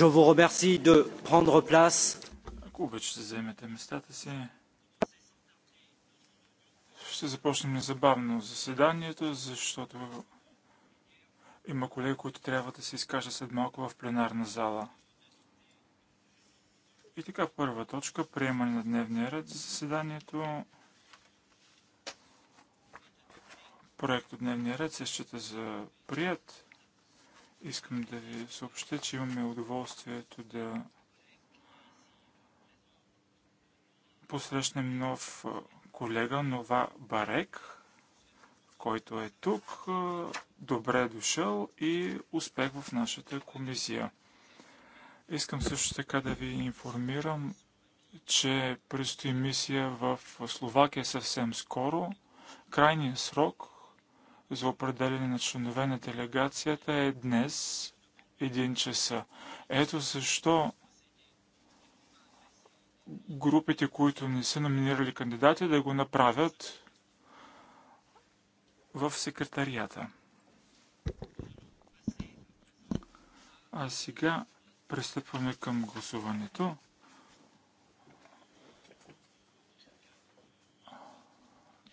Je vous remercie de prendre place. Ако обичате, заемете местата си. Ще започнем незабавно заседанието, защото има колеги, които трябва да се изкажат след малко в пленарна зала. И така, първа точка, приемане на дневния ред за заседанието. Проект от дневния ред се счита за прият. Искам да ви съобщя, че имаме удоволствието да посрещнем нов колега Нова Барек, който е тук. Добре е дошъл и успех в нашата комисия. Искам също така да ви информирам, че предстои мисия в Словакия съвсем скоро. Крайният срок за определене на членове на делегацията е днес 1 часа. Ето защо групите, които не са номинирали кандидати, да го направят в секретарията. А сега пристъпваме към гласуването.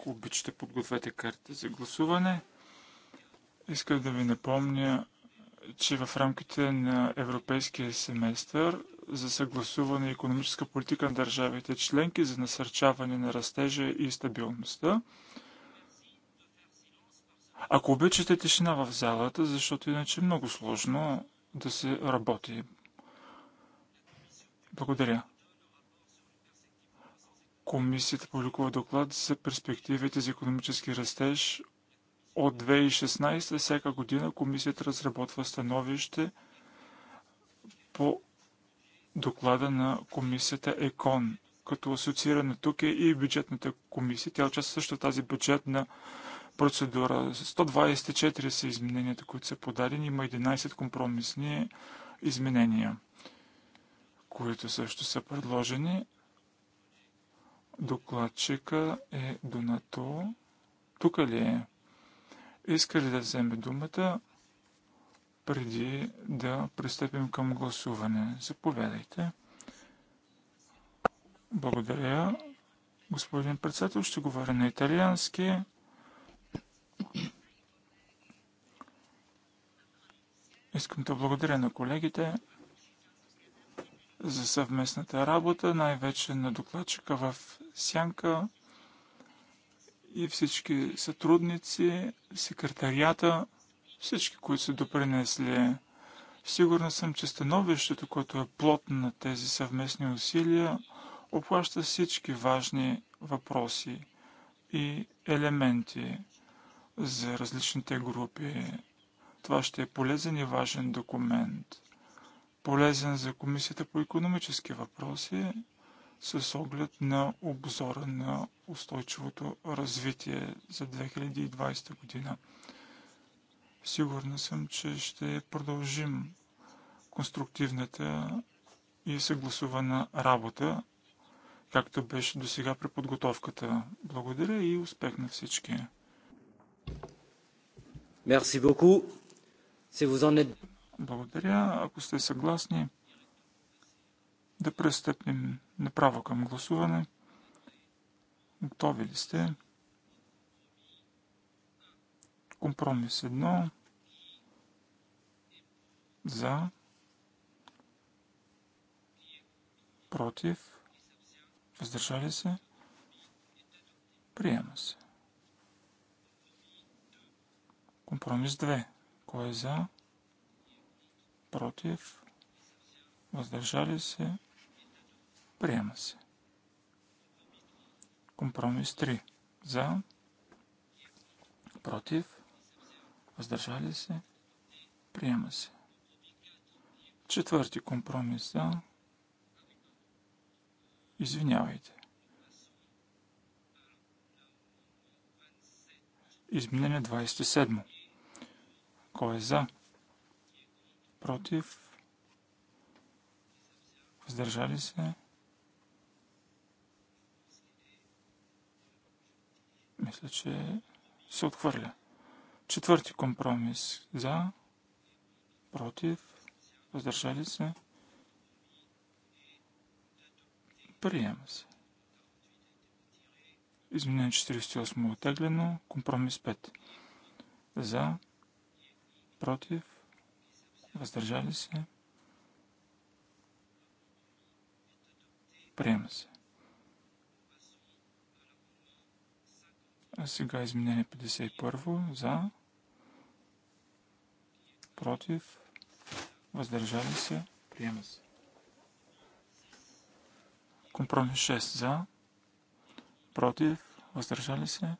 Ако обичате, подгответе картите за гласуване. Искам да ви напомня, че в рамките на Европейския семестър за съгласуване и економическа политика на държавите членки за насърчаване на растежа и стабилността. Ако обичате тишина в залата, защото иначе е много сложно да се работи. Благодаря. Комисията публикува доклад за перспективите за економически растеж от 2016 всяка година. Комисията разработва становище по доклада на комисията ЕКОН. Като асоциирана тук е и бюджетната комисия. Тя участва също в тази бюджетна процедура. 124 са измененията, които са подадени. Има 11 компромисни изменения, които също са предложени. Докладчика е Донато. Тук ли е? Иска ли да вземе думата преди да пристъпим към гласуване? Заповядайте. Благодаря. Господин председател, ще говоря на италиански. Искам да благодаря на колегите за съвместната работа, най-вече на докладчика в Сянка и всички сътрудници, секретарията, всички, които са допринесли. Сигурна съм, че становището, което е плод на тези съвместни усилия, оплаща всички важни въпроси и елементи за различните групи. Това ще е полезен и важен документ полезен за Комисията по економически въпроси с оглед на обзора на устойчивото развитие за 2020 година. Сигурна съм, че ще продължим конструктивната и съгласувана работа, както беше до сега при подготовката. Благодаря и успех на всички! Merci beaucoup. Si vous en êtes... Благодаря. Ако сте съгласни, да престъпим направо към гласуване. Готови ли сте? Компромис 1. За. Против. Въздържали се. Приема се. Компромис 2. Кой е за? против, въздържали се, приема се. Компромис 3. За, против, въздържали се, приема се. Четвърти компромис за, извинявайте. Изменение 27. Кой е за? против, въздържали се. Мисля, че се отхвърля. Четвърти компромис за, против, въздържали се. Приема се. Изменение 48 отеглено. Е компромис 5. За. Против въздържали се, приема се. А сега изменение 51 за, против, въздържали се, приема се. Компромис 6 за, против, въздържали се,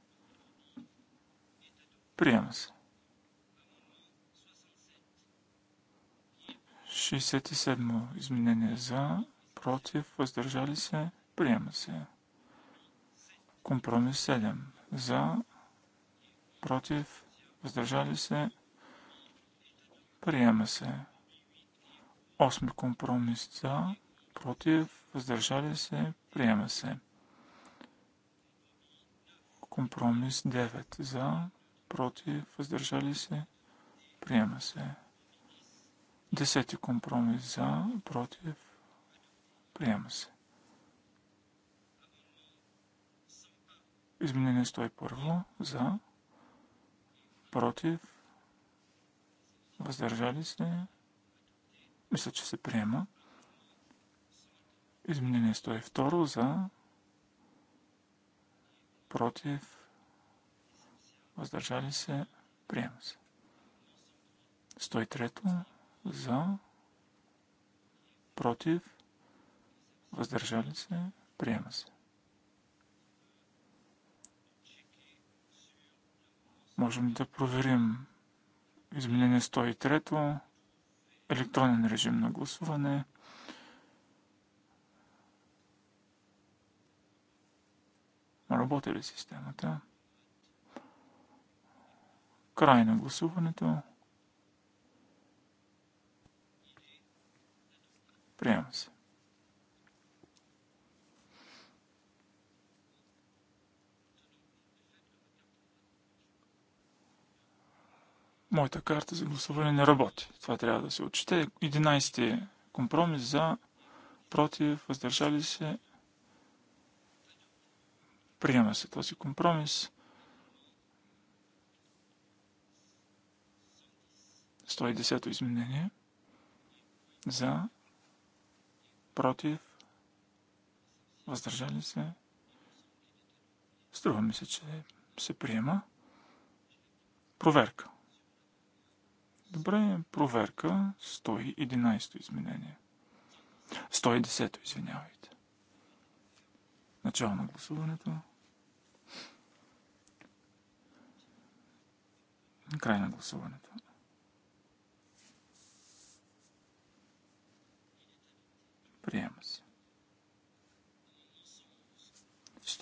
приема се. 67 изменение за, против, въздържали се, приема се. Компромис 7 за, против, въздържали се, приема се. Осми компромис за, против, въздържали се, приема се. Компромис 9 за, против, въздържали се, приема се. Десети компромис за, против, приема се. Изменение 101 за, против, въздържали се, мисля, че се приема. Изменение 102 за, против, въздържали се, приема се. 103 за, против, въздържали се, приема се. Можем да проверим изменение 103, електронен режим на гласуване. Работи ли системата? Край на гласуването. Приема се. Моята карта за гласуване не работи. Това трябва да се отчете. 11 компромис за, против, въздържали се. Приема се този компромис. 110 то изменение за против, въздържали се. Струва ми се, че се приема. Проверка. Добре, проверка 111 изменение. 110, то извинявайте. Начало на гласуването. Край на гласуването.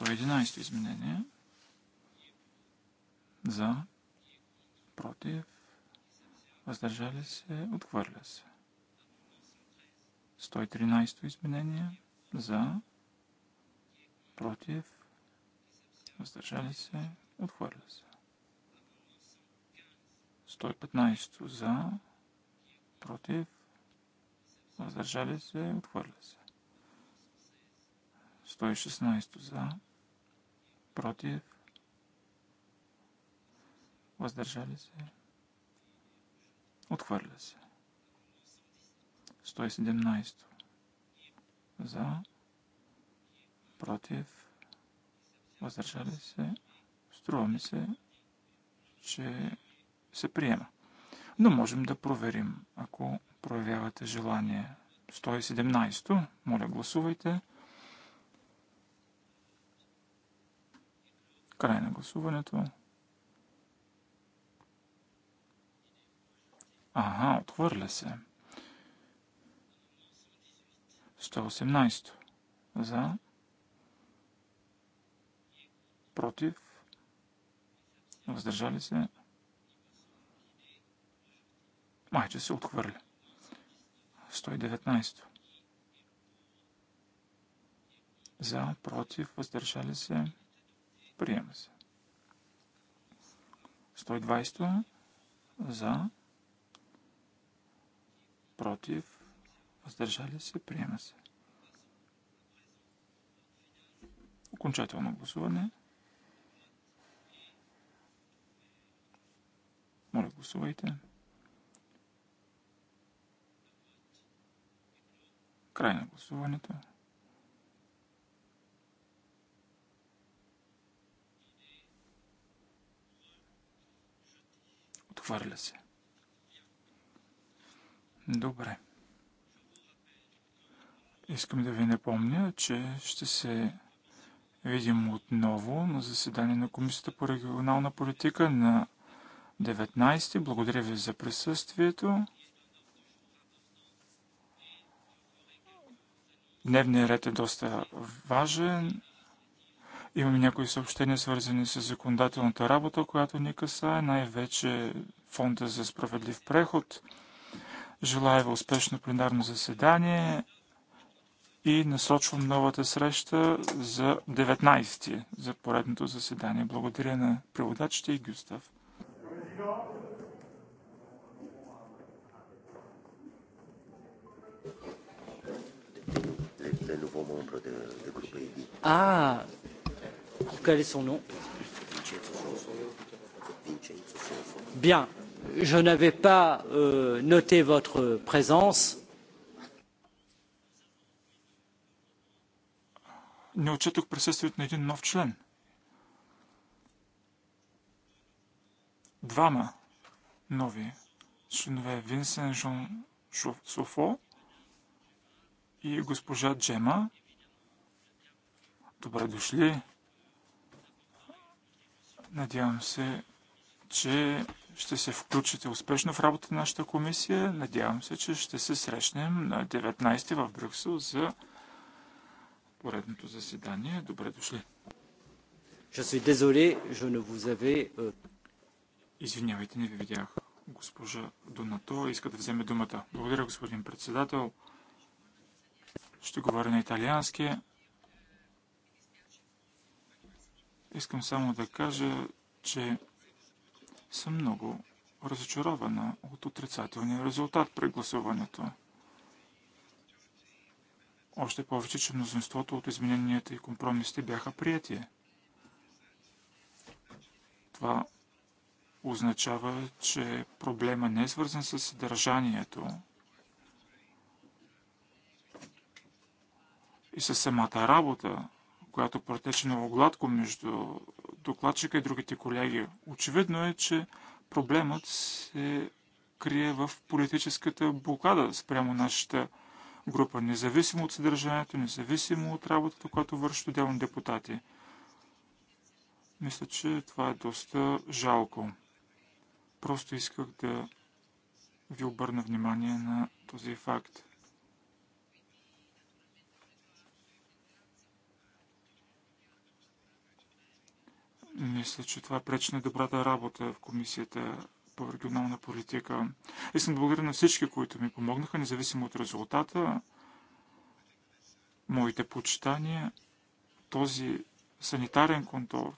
111 изменение. За. Против. Въздържали се. Отхвърля се. 113 изменение. За. Против. Въздържали се. Отхвърля се. 115 за. Против. Въздържали се. Отхвърля се. 116 за против, въздържали се, отхвърля се. 117 за, против, въздържали се, струва ми се, че се приема. Но можем да проверим, ако проявявате желание. 117, моля гласувайте. Край на гласуването. Ага, отхвърля се. 118. За. Против. Въздържали се. Майче се отхвърля. 119. За. Против. Въздържали се. Приема се. 120 е за, против, въздържали се, приема се. Окончателно гласуване. Моля, гласувайте. Край на гласуването. Отхвърля се. Добре. Искам да ви напомня, че ще се видим отново на заседание на Комисията по регионална политика на 19. Благодаря ви за присъствието. Дневният ред е доста важен. Имаме някои съобщения, свързани с законодателната работа, която ни касае, най-вече Фонда за справедлив преход. Желая ви успешно пленарно заседание и насочвам новата среща за 19 ти за поредното заседание. Благодаря на преводачите и Гюстав. Ah, Quel est son nom Bien, je n'avais pas euh, noté votre présence. Не отчетох присъствието на един нов член. Двама нови членове Винсен Жон Софо и госпожа Джема. Добре дошли! Надявам се, че ще се включите успешно в работа на нашата комисия. Надявам се, че ще се срещнем на 19 в Брюксел за поредното заседание. Добре дошли. Euh, Извинявайте, не ви видях. Госпожа Донато иска да вземе думата. Благодаря, господин председател. Ще говоря на италиански. Искам само да кажа, че съм много разочарована от отрицателния резултат при гласуването. Още повече, че мнозинството от измененията и компромисите бяха прияти. Това означава, че проблема не е свързан с съдържанието и с самата работа която протече много гладко между докладчика и другите колеги. Очевидно е, че проблемът се крие в политическата блокада спрямо нашата група, независимо от съдържанието, независимо от работата, която вършат отделни депутати. Мисля, че това е доста жалко. Просто исках да ви обърна внимание на този факт. Мисля, че това пречи на добрата работа в комисията по регионална политика. Искам да благодаря на всички, които ми помогнаха, независимо от резултата. Моите почитания, този санитарен контор,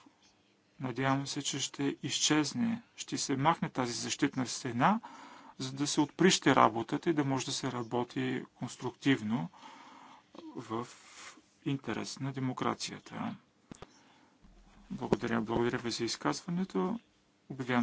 надявам се, че ще изчезне, ще се махне тази защитна стена, за да се отприще работата и да може да се работи конструктивно в интерес на демокрацията. Благодаря. Благодаря ви за изказването. Обявявам